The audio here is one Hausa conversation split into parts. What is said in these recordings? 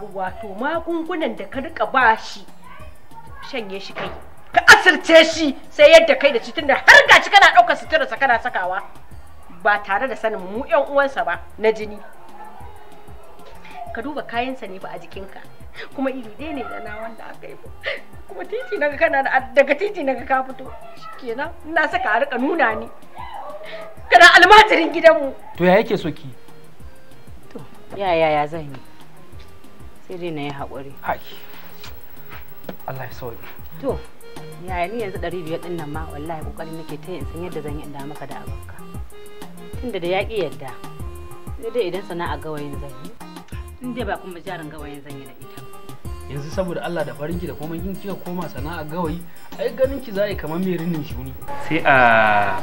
faru wato magungunan da ka rika ba shi shanye shi kai ka asirce shi sai yadda kai da cikin da har shi kana ɗaukar suturarsa kana sakawa ba tare da sanin mu yan uwansa ba na jini ka duba kayansa ne ba a jikinka kuma iri ɗaya ne da na wanda aka yi kuma titi naga kana daga titi naga ka fito shikenan ina saka a rika nuna ni kana almajirin gidanmu to ya yake so ki to ya ya ya zan yi sai na yi haƙuri Allah ya to yaya ni yanzu ɗari biyar ɗin nan ma wallahi ƙoƙarin nake ta yin san yadda zan yi inda maka da abinka tunda da yaƙi yadda dai idan sana'a gawayin zan yi in dai ba kuma jarin gawayin zan yi da ita yanzu saboda Allah da farin ki da komai kin kika koma sana'a gawayi ai ganin ki zai kamar mai rinin shuni sai a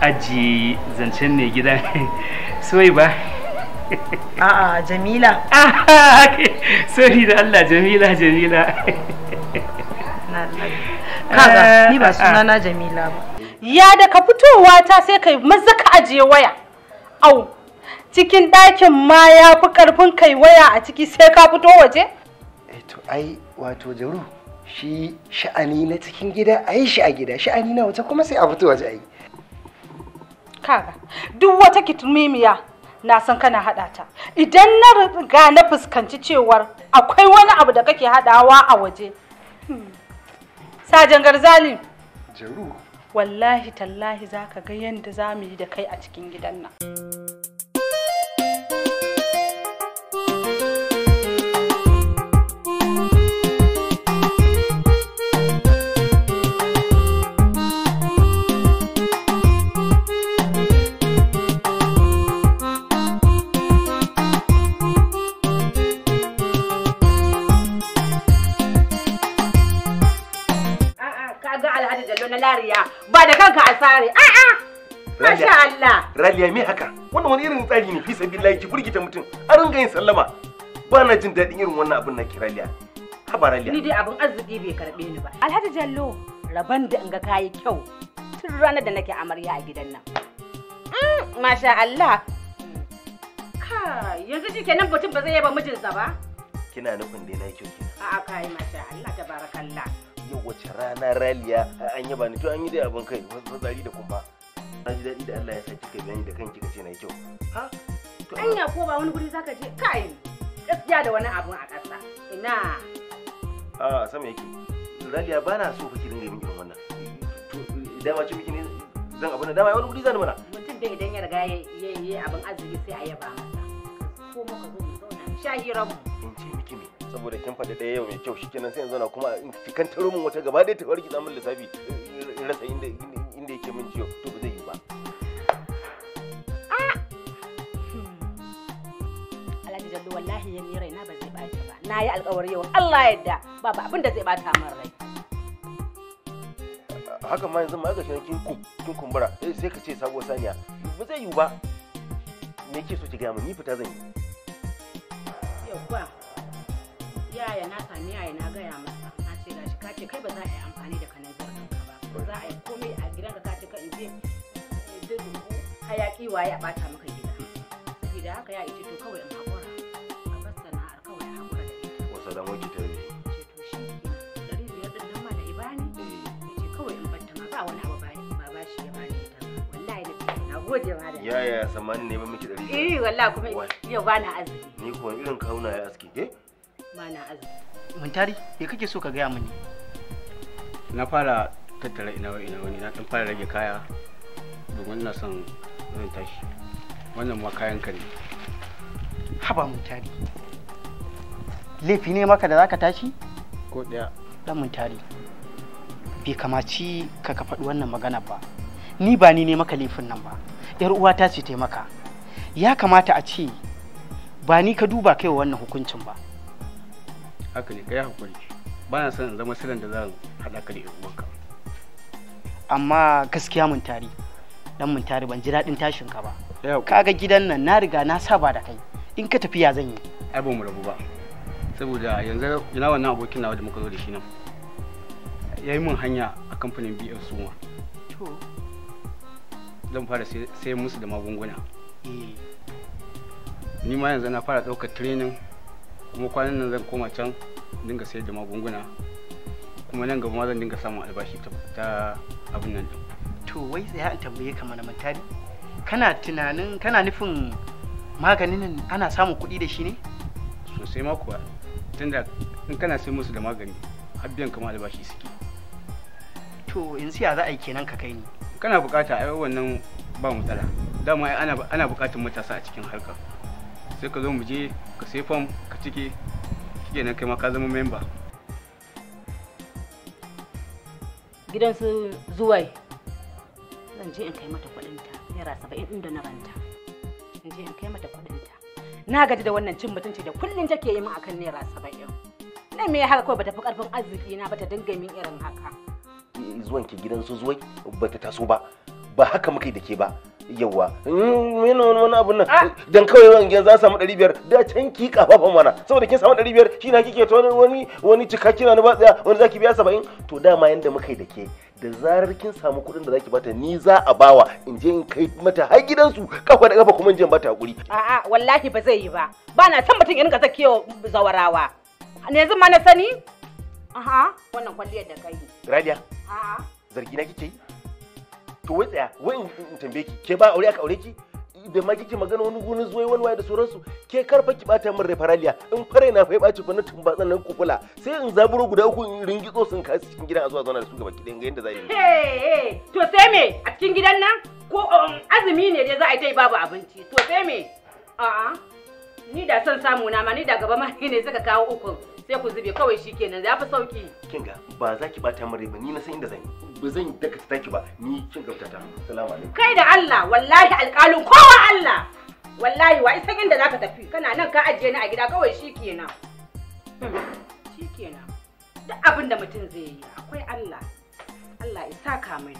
ajiye zancen ne gida soyi ba a'a jamila sorry da Allah jamila jamila kaga eh, ni ba eh, sunana eh. jamila ba ya daga fitowa ta sai kai maza ka ajiye waya au cikin ɗakin ma ya fi ƙarfin kai waya a ciki sai ka fito waje to ai wato jaru shi sha'ani na cikin gida a yi shi a gida sha'ani na wata kuma sai a fito waje a yi kaga duk wata kitumimiya na san kana haɗa ta idan na riga na fuskanci cewar akwai wani abu da kake haɗawa a waje hmm, sajan garzali wallahi tallahi za ka ga yadda za mu yi da kai a cikin gidan nan. fi sabilillahi ki burgita mutum a ringa yin sallama ba na jin daɗin irin wannan abin na kiraliya habaraliya ni dai abin arziki bai karbe ni ba alhaji jallo raban da in ga kayi kyau tun ranar da nake amarya a gidan nan mm, masha Allah ka yanzu shi kenan mutum ba zai yaba mijinsa ba kina nufin dai na kyau kina a'a kai masha Allah tabarakallah yau wace rana raliya an yaba ni to an yi dai abin kai tsari da kuma. na ji daɗi da Allah ya sa kika gani da kanki kace na kyau ha anya ko ba wani guri zaka je kai gaskiya da wani abun a ƙasa ina a sama yake raliya ba na so kake dinga yin irin wannan idan wace miki ne zan abin da dama wani guri zan mana mutum da idan ya riga ya yi abin arziki sai a yaba masa ko muka zo mu zauna mu sha mu in ce miki me saboda kin faɗi ɗaya yau mai kyau shikenan sai yanzu na kuma in kan taro min wata gaba ɗaya ta warki zamin lissafi in rasa inda inda yake min ciwo to ba zai yi ba wallahi ya ni raina ba zai ɓaci ba na yi alkawari yau Allah yadda babu abin da zai ɓata min rai haka ma yanzu ma aka shirin kin kumbura eh, sai ka ce sabo saniya ba zai yiwu ba me yake so ki gaya min ni fita zan yi yawwa yaya na sami yaya na gaya masa na ce gashi ka ce kai ba za a yi amfani da kanin zarkan ka ba ko za a yi komai a gidan ka ce ka in je hayaki waye a bata maka gida saboda haka ya ice to kawai in gode ma da. Ya ya saman ne ba miki dari. Eh wallahi kuma yau ba azumi. Ni ko irin kauna ya aske. ke? Ba na azumi. Mun tari, me kake so ka gaya mini? Na fara tattara inawa inawa ne na dan fara rage kaya domin na son zan tashi. Wannan ma kayan ka ne. Haba mun tari. Laifi ne maka da zaka tashi? Ko daya. Dan mun tari. Bai kamaci ka ka faɗi wannan magana ba. ni ba ni ne maka laifin nan ba yar uwata ce taimaka ya kamata a ce ba ni ka duba kai wannan hukuncin ba haka ne kai hukunci ba na son zama sirrin da zan hada ka da yar uwanka amma gaskiya mun tari dan mun tari ban ji daɗin tashin ka ba kaga gidan nan na riga na saba da kai in ka tafiya zan yi ai ba mu rabu ba saboda yanzu ina wannan abokin nawa da muka zo da shi nan yayi mun hanya a kamfanin BF Suma to zan fara sai musu da magunguna eh. ni ma yanzu na fara ɗaukar training kuma kwanan nan zan koma can dinga sayar da magunguna kuma nan gaba ma zan dinga samun albashi ta abin nan to wai sai an tambaye ka mana mantari kana tunanin kana nufin maganin nan ana samun kuɗi da shi ne sosai ma kuwa tunda in kana sai musu da magani har biyan kama albashi suke to in ya za a yi kenan ka kai ni kana bukata ai wannan ba matsala dama ai ana ana bukatun matasa a cikin harka sai ka zo mu je ka sai form ka cike nan kai ma ka zama member gidan su zuwai zan je in kai mata kuɗinta naira saba'in inda na ranta in je in kai mata ta na gaji da wannan cin mutunci da kullum take yi min akan naira saba'in nan me ya haka kawai bata fi ƙarfin arziki na bata dinga min irin haka zuwan ki gidan su zuwai ba ta taso ba ba haka muka yi da ke ba yawa mm, yana wani wani abun nan ah! dan kawai wangen za samu 500 da can ki kafafan mana saboda kin samu 500 shi na kike to wani wani cika kina ni ba tsaya wani zaki biya 70 to dama yanda muka yi da ke da zarar kin samu kuɗin da zaki bata ni za a bawa in je in kai mata har gidansu kafa da kafa kuma in je in bata hakuri a'a wallahi ba zai yi ba ba na san mutum in ga zakiyo zawarawa ne zan ma na sani Aha. Wannan kwalliyar da kai. Radiya. Aha. Zargi na kike yi? To wai tsaya, wai in tambaye ki, ke ba aure aka aure ki? Da ma kike magana wani gunin zuwa waya da sauransu, ke karfa ki bata min refaraliya, in fare na fa baci bana tun batsan nan kukula, sai in zaburo guda uku in ringitso sun kasu cikin gidan a zuwa zauna da su gaba ki dinga yanda za yi. Eh, to sai me a cikin gidan nan? Ko um, azumi ne dai za a yi babu abinci. To sai me? A'a. Ni da son samu na ma ni da gaba ma ne suka kawo ukun. sai ku zube kawai shikenan ya fi sauki kinga ba za ki bata mare ba ni na san inda zan yi ba zan daka ta taki ba ni kin gauta ta assalamu alaikum kai da Allah wallahi alƙalin kowa Allah wallahi wa isan inda zaka tafi kana nan ka ajiye ni a gida kawai shikenan hmm, shikenan duk abin da mutum zai yi akwai Allah Allah ya saka mai.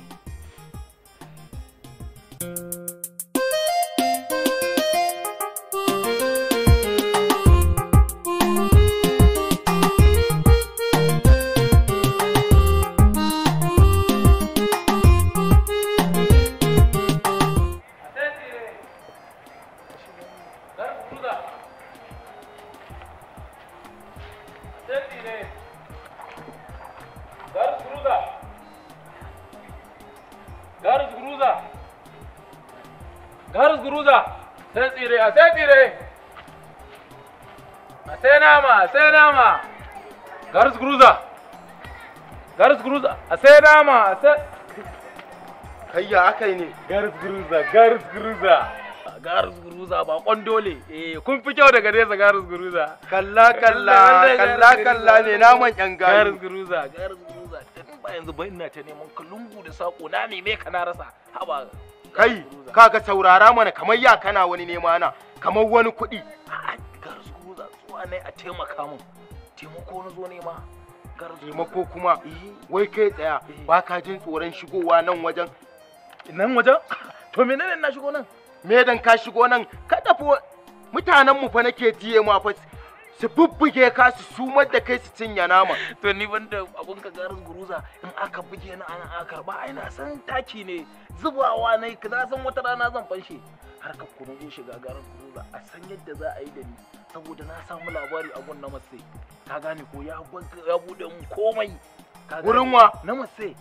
thank you guruza sai tsire a sai tsire a sai nama a sai nama garis guruza garis guruza a sai nama a sai kayya aka yi ne garis guruza garis guruza garis guruza ba kwandole eh kun fi kyau daga nesa garis guruza kalla kalla kalla kalla ne naman yan garus garis garus guruza tun ba yanzu ba ina ta neman kalungu da sako na me me kana rasa haba kai kaga saurara mana kamar ya kana wani nema na kamar wani kuɗi garzu zatsuwa ne a taimaka mun taimako na zo nema taimako kuma eh. wai kai tsaya eh. ba ka jin tsoron shigowa nan wajen nan wajen to menene na shigo nan me dan ka shigo nan ka tafi mutanen mu fa nake jiye ma fa su bubbuge ka su sumar da kai su cinye nama to ni banda abun ka garin guruza in aka buge na ana aka karba ai na san taki ne zubawa ne ka na san wata rana zan fanshe har ka kuma zo shiga garin guruza a san yadda za a yi da ni saboda na samu labari a gun na matse ka gane ko ya bude mun komai wurin wa na matse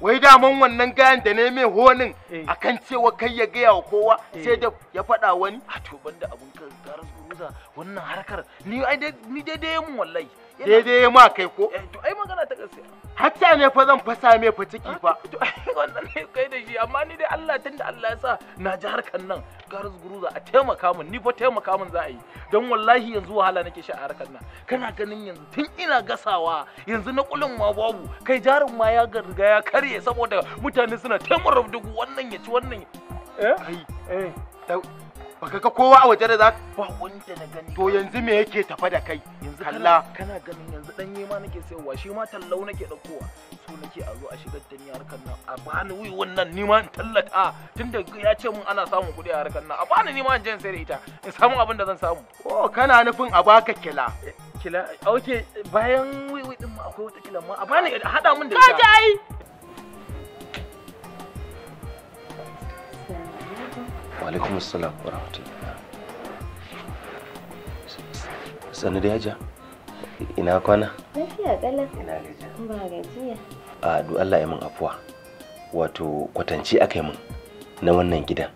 wai daman wannan gayan da ne mai honin eh. akan cewa kai ya gaya wa kowa eh. sai da ya faɗa wani a to banda abun ka garin da wannan harkar ni ai ni daidai mu wallahi daidai ma kai ko eh, to ai magana ta gaskiya hatta ne fa zan fasa me fa ciki fa to wannan ne kai da shi amma ni dai Allah tunda Allah ya sa na ji harkar nan garus guruza a taimaka min ni fa taimaka min za a yi don wallahi yanzu wahala nake sha a harkar nan kana ganin yanzu tun ina gasawa yanzu na kulun ma babu kai jarin ma ya riga ya karye saboda mutane suna taimar dugu wannan ya ci wannan eh ai eh baka ga kowa a waje da za ba wanda na gani to yanzu me yake tafa da kai yanzu kalla kana ganin yanzu dan ma nake sayarwa shi ma tallau nake daukowa so nake a zo a shigar da ni harkar nan a bani wuyi wannan ni ma in tallata tunda ya ce mun ana samun kuɗi a harkar nan a bani ni ma in je in sayar da ita in samu abin da zan samu oh kana nufin a baka kila eh, kila okay bayan wuyi din ma akwai wata kila ma a bani hada mun da ita ka ji ai wa alaikum assalam wa sanu da yaja ina kwana lafiya kala ina gajiya ba gajiya a du Allah ya min afuwa wato kwatanci aka yi min na wannan gidan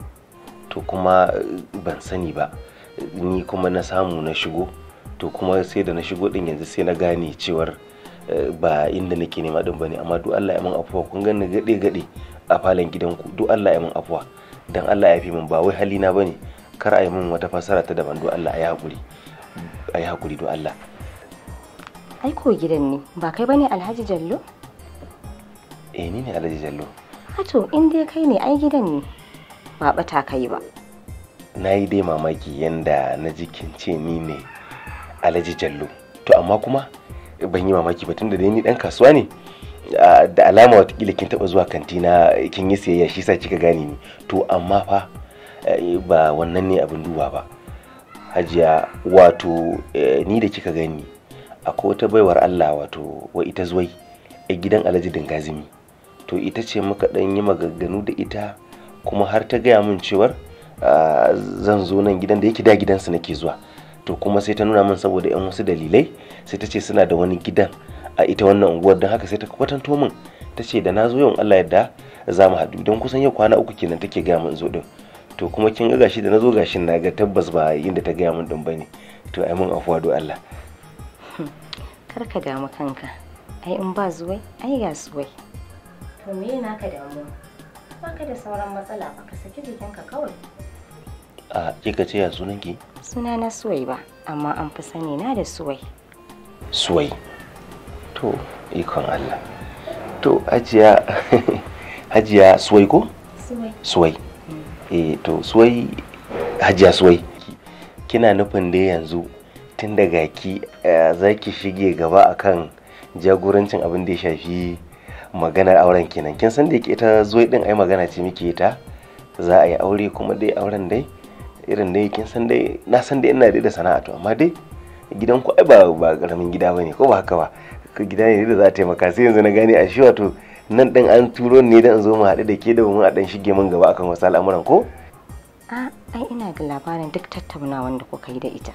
to kuma eh, ban sani ba ni kuma na samu na shigo to kuma sai da na shigo din yanzu sai na gane cewar eh, ba inda nake nema din bane amma du Allah ya min afuwa kun ga ni gade gade a falon gidanku du Allah ya min afuwa dan Allah ya fi min ba wai halina bane kar a yi min wata fasara ta daban do Allah ya hakuri yi hakuri do Allah ai ko gidan ne ba kai bane Alhaji Jallo eh ni ne Alhaji Jallo to in dai kai ne ai gidan ne ba bata kai ba na yi dai mamaki yanda na jikin ce ni ne Alhaji Jallo to amma kuma ban yi mamaki ba tunda dai ni dan kasuwa ne da alama watakila kin taba zuwa kantina kin yi siyayya shi sa kika gane ni to amma fa ba wannan ne abin duba ba hajiya wato ni da kika gani akwai wata baiwar Allah wato wa ita zuwai a gidan Alhaji Dingazimi to ita ce muka dan yi magagganu da ita kuma har ta gaya min cewar zan zo nan gidan da yake da gidansa nake zuwa to kuma sai ta nuna min saboda yan wasu dalilai sai ta ce suna da wani gidan a ita wannan unguwar don haka sai ta kwatanto min ta ce da na zo yau Allah yadda za mu haɗu don kusan yau kwana uku kenan take gaya min zo din to kuma kin ga gashi da na zo gashin na ga tabbas ba inda ta gaya min din bane to ai mun afuwa do Allah kar ka damu kanka ai in ba zuwai ai ga zuwai to me yana ka damu baka da sauran matsala ba ka saki jikinka kawai a ke ka ce ya sunan suna na suwai ba amma an fi sani na da suwai suwai to ikon Allah to ajiya hajiya suwai ko suwai eh to suwai hajiya suwai kina nufin dai yanzu tun daga ki eh, za ki shige gaba akan jagorancin abin da ya shafi maganar auren kenan kin san da ita zuwai din ai magana ce muke ta za a yi aure kuma dai auren dai irin dai kin san dai na san dai ina da sana'a to amma dai gidan ku ai ba ba karamin gida bane ko ba haka ba ka gida ne da za a taimaka sai yanzu na gane a shi wato nan ɗin an turo ne dan zo mu haɗu da ke da a ɗan shige min gaba akan wasu al'amuran ko a ai ina ga labarin duk tattaunawan da kuka yi da ita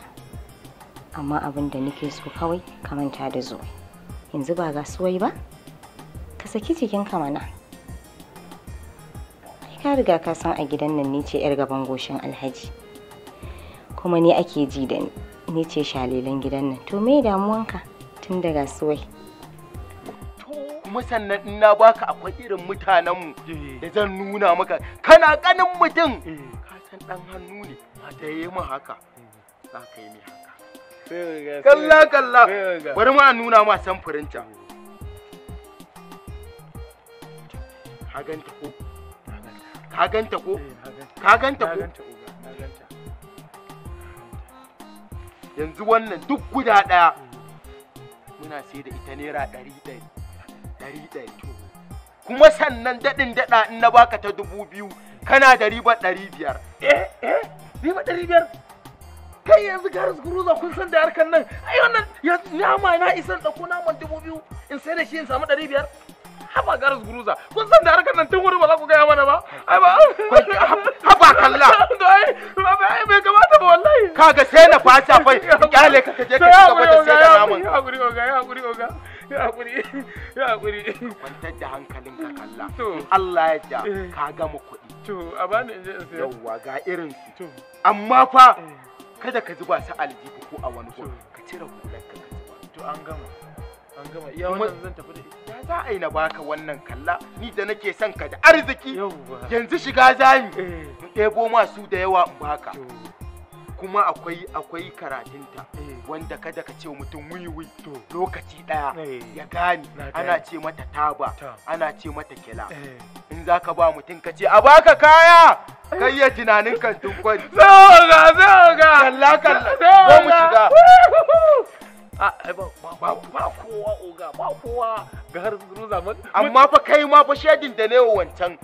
amma abin da nake so kawai ka manta da zuwa yanzu ba ga suwai ba ka saki cikin ka mana ka riga ka san a gidan nan ni ce yar gaban goshin alhaji kuma ni ake ji da ni ni ce shalilan gidan nan to me damuwanka tun daga suwai kuma sannan in na baka akwai irin mutanenmu da zan nuna maka kana ganin mutum eh, ka san dan hannu ne da yi mu haka za ka yi mi haka kalla kalla bari ma nuna ma san can ka ganta ko ka ganta ko eh, ka ganta ko yanzu wannan duk guda daya kuna sai da ita naira ɗari ɗari ɗari ɗari kuma sannan daɗin daɗa in na baka ta dubu biyu kana da ribar ɗari biyar eh eh ribar ɗari biyar kai yanzu garis guruza kun san da harkar nan ai wannan nama na isan ɗauko naman dubu biyu in sai da shi in samu ɗari biyar haba garas guruza kun san da harkar nan tun wuri ba za ku gaya mana ba ai ba haba kalla ai bai kamata ba wallahi kaga sai na fasha fai kyale ka kaje ka gaba da sai da namun ya guri oga ya guri oga ya guri ya guri kwantar da hankalin ka kalla Allah ya ja eh. ka gama kuɗi to a bani in je in sayar yawwa ga irin su amma fa eh. kada ka zuba su aljihu ko a wani gun ka cire hular ka ka to an gama an gama iya wannan zan tafi da ita ya za a yi na baka wannan kalla ni da nake son ka da arziki yanzu shiga zami mu eh. ɗebo masu da yawa in baka kuma akwai akwai karatunta eh. wanda kada ka ce mutum wiwi lokaci daya eh. ya gane ana ce mata taba ana ce mata kila in za ka ba mutum ka ce a baka kaya kai ya tunanin kan tunkwani sai ga sai kalla kalla ko mu shiga ba kowa oga ba kowa ga har zuru zaman amma fa kai ma fa shedin da ne wancan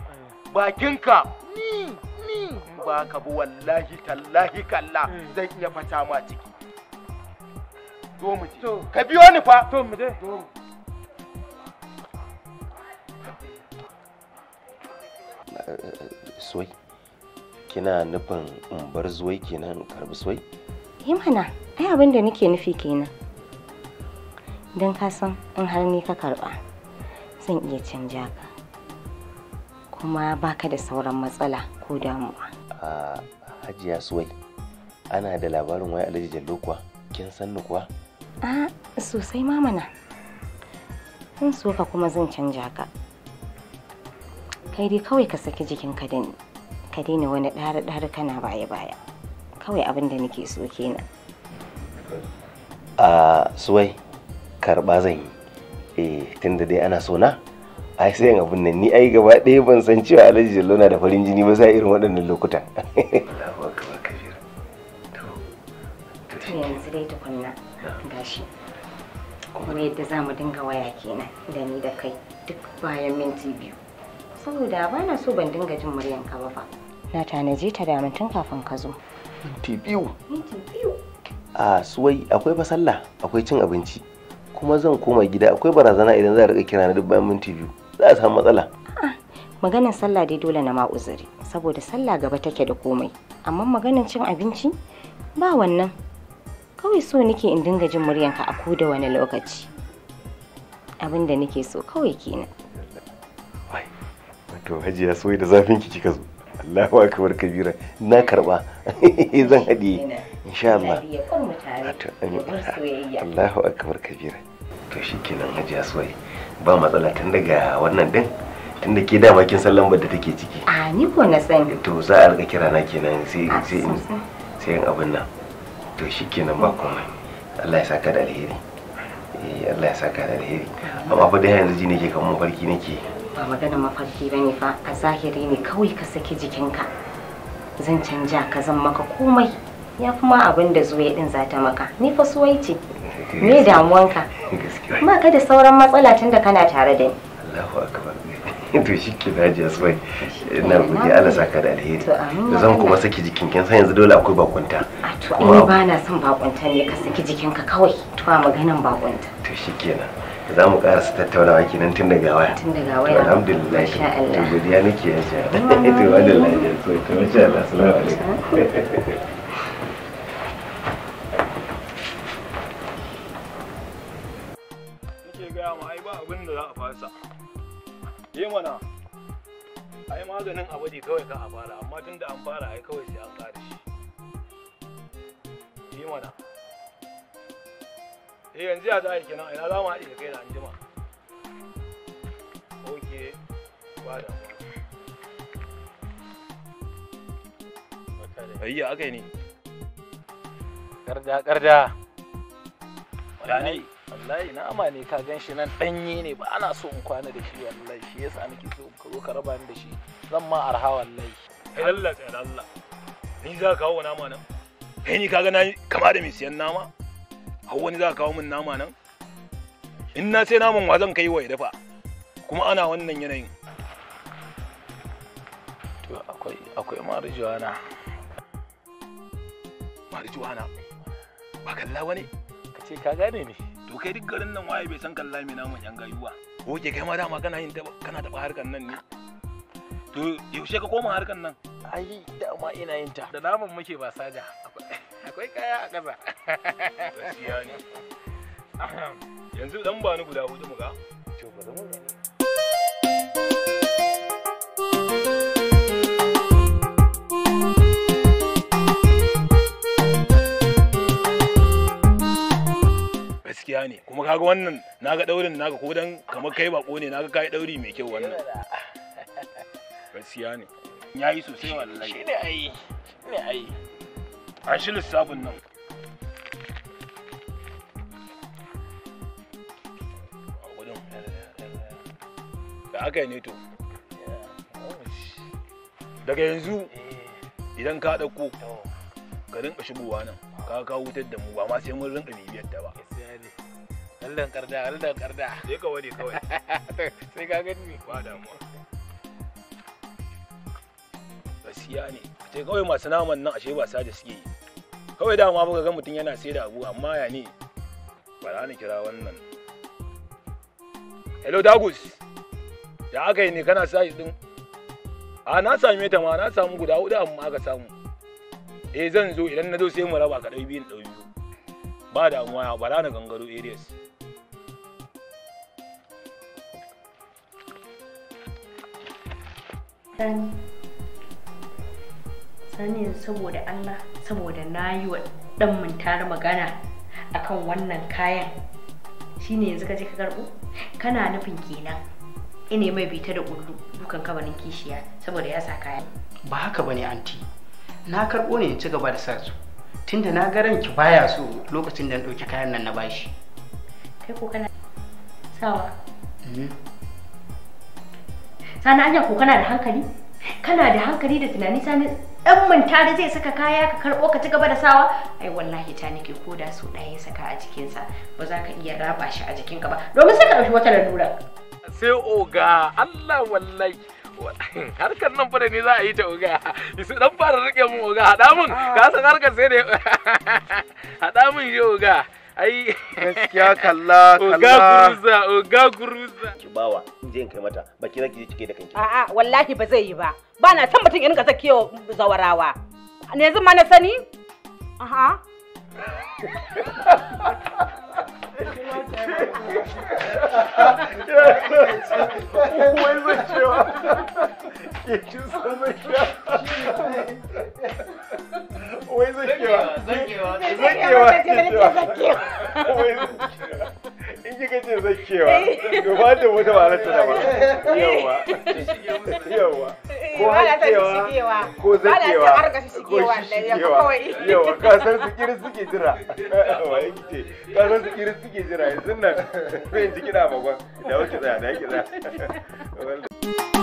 bakinka ni ni ba ka bi wallahi tallahi kalla hmm. zan iya fata ma ciki zo mu je ka biyo ni fa to mu je soy kina nufin in bar zuwai kenan in karbi soy? Eh mana, ai abin da nake nufi kenan. don kasan in har ni ka karba zan iya canja ka kuma baka da sauran matsala ko damuwa a hajiya suwai ana da labarin wai alhaji jallo kuwa kin san ni kuwa a sosai mamana in so ka kuma zan canja ka kai dai kawai ka saki jikinka da ni ka daina wani ɗari-ɗari kana baya-baya kawai abin da nake so kenan a suwai karɓa zan yi eh tunda dai ana so na ai sai abin nan ni ai gaba ɗaya ban san cewa alhaji jallo na da farin jini ba sai irin waɗannan lokutan yanzu dai gashi kuma yadda za mu dinga waya kenan da ni da kai duk bayan minti biyu saboda ba na so ban dinga jin muryanka ba fa na tanaje ta da tun kafin ka zo minti biyu minti biyu a suwai akwai fa akwai cin abinci kuma zan koma gida akwai barazana idan za a rika kira na duk bayan minti biyu za a samu matsala ah, maganin sallah dai dole na ma saboda sallah gaba take da komai amma maganin cin abinci ba wannan kawai so nake in dinga jin muryanka a ko da wani lokaci abin da nake so kawai kenan wato hajiya soyi da zafin ki kika zo Allahu akbar kabira na karba zan hadiye insha Allah Allahu akbar kabira to shikenan haji suwai ba matsala tun daga wannan din tun da ke dama kin san lambar da take ciki a ni ko na sani to za a riga kira na kenan sai sai in sai in abin nan to shikenan ba komai Allah ya saka da alheri eh Allah ya saka da alheri amma fa dai yanzu ji nake kamar mafarki nake ba magana mafarki bane fa a zahiri ne kawai ka saki jikinka zan canja ka zan maka komai ya fi ma abin da zuwa din za ta maka ni fa suwai ce me damuwanka ma ka da sauran matsala tun da kana tare da ni Allahu akbar to shi ke daji a suwai na gode Allah saka da alheri da zan kuma saki jikin kin san yanzu dole akwai bakunta a to ni ba na son bakunta ne ka saki ka kawai to a maganan bakunta to shi kenan za mu karasa tattaunawa kenan tun daga waya tun daga waya alhamdulillah insha Allah godiya nake yanzu to wallahi to insha Allah assalamu alaikum je mana ai maganin abu ne kawai ka a fara amma tunda an fara ai kawai sai an kare shi je mana eh yanzu ya za a yi kenan ina za mu haɗe da kai da anjima ok ba da Ayya aka yi ne. Karda, karda. Wani wallahi nama ne ka gan shi nan ɗanye ne ba ana so in kwana da shi wallahi shi yasa nake so ka zo ka raba ni da shi zan ma arha wallahi kai Allah tsayar Allah ni za ka kawo nama nan kai ni kaga na kama da mai siyan nama har wani za ka kawo min nama nan in na sai naman wa zan kai wa ya dafa kuma ana wannan yanayin to akwai akwai marijuana marijuana ba kalla wani ka ce ka gane ne to kai duk garin nan waye bai san kalla mai namun yan gayuwa ke kai ma dama kana yin kana taba harkan nan ne to yaushe ka koma harkan nan ai ma ina yin ta da naman muke ba saja akwai kaya a ƙasa gaskiya yanzu dan bani guda hudu mu ne kuma kaga wannan naga daurin naga ko dan kamar kai bako ne naga kai dauri mai kyau wannan gaskiya ne yayi sosai wallahi shi ne ai ne ai an shi lissafin nan da aka yi ne to daga yanzu idan ka ɗauko ka rinka shigowa nan ka kawo wutar da mu ba ma sai mun rinka bibiyar ta ba Allah karda Allah karda sai ka wani kawai sai ka gani ba damuwa gaskiya ne sai kawai masu naman nan ashe wasa da suke yi kawai dama ba ga mutum yana sai da abu amma ya ne ba za ni kira wannan hello dagus da aka yi ne kana sa din a na same ta ma na samu guda hudu amma aka samu eh zan zo idan na zo sai mu raba ka ɗau biyu ɗau biyu ba damuwa ba na gangaro areas sani sani saboda allah saboda na yi wa dan mintar magana akan wannan kayan shine yanzu ka je ka karbo kana nufin kenan ina mai bita da kullu dukan kabarin kishiya saboda ya sa kayan ba haka bane anti na karbo ne in ci gaba da sarsu tunda na ga ranki baya so lokacin da na dauki kayan nan na bashi kai ko kana sawa mm-hmm. kana anya ko kana da hankali kana da hankali da tunani sani ɗan manta da zai saka kaya ka karbo ka ci gaba da sawa ai wallahi ta nake ko da su ɗaya ya saka a jikinsa ba za ka iya raba shi a jikinka ba domin sai ka ɗauki wata lalura sai oga Allah wallahi harkar nan fa da ni za a yi ta oga isu dan fara rike mun oga hada mun ah. ka san harkar sai da hada mun yi oga ai gaskiya kalla kalla oga guruza oga guruza ki bawa in in kai mata baki zaki je cike da kanki a'a wallahi ba zai yi ba ba na san mutum in ka zakiyo zawarawa ne yanzu ma na sani aha zai sun zai wai zakewa zakewa zakewa in kika ce zakewa eh. to ba da wata ba ta da ba yawa yawa ko hakewa ko zakewa ko shigewa yawa ka san su kiri suke jira wa yake ce ka san su kiri suke jira yanzu nan sai in ji kina magwan da wuce tsaya da yake tsaya